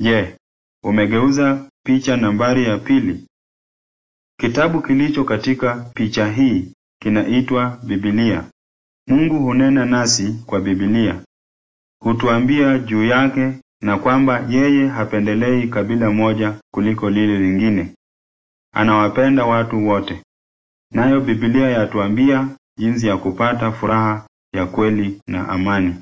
Je, umegeuza picha nambari ya pili? Kitabu kilicho katika picha hii kinaitwa Biblia. Mungu hunena nasi kwa Biblia. Hutuambia juu yake na kwamba yeye hapendelei kabila moja kuliko lile lingine. Anawapenda watu wote. Nayo Biblia yatuambia jinsi ya kupata furaha ya kweli na amani.